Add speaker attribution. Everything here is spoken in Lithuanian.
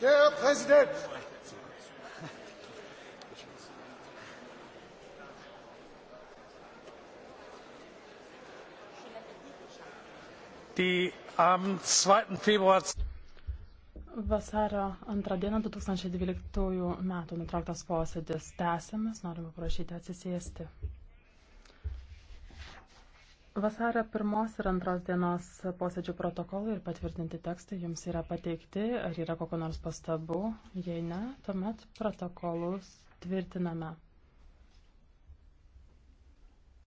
Speaker 1: Herr Präsident!
Speaker 2: Die am 2. Februar
Speaker 3: Vasario 2 dieną 2012 metų nutrauktas posėdis tęsiamas. Norime prašyti atsisėsti. Vasario pirmos ir antros dienos posėdžių protokolai ir patvirtinti tekstai jums yra pateikti. Ar yra kokio nors pastabų? Jei ne, tuomet protokolus tvirtiname.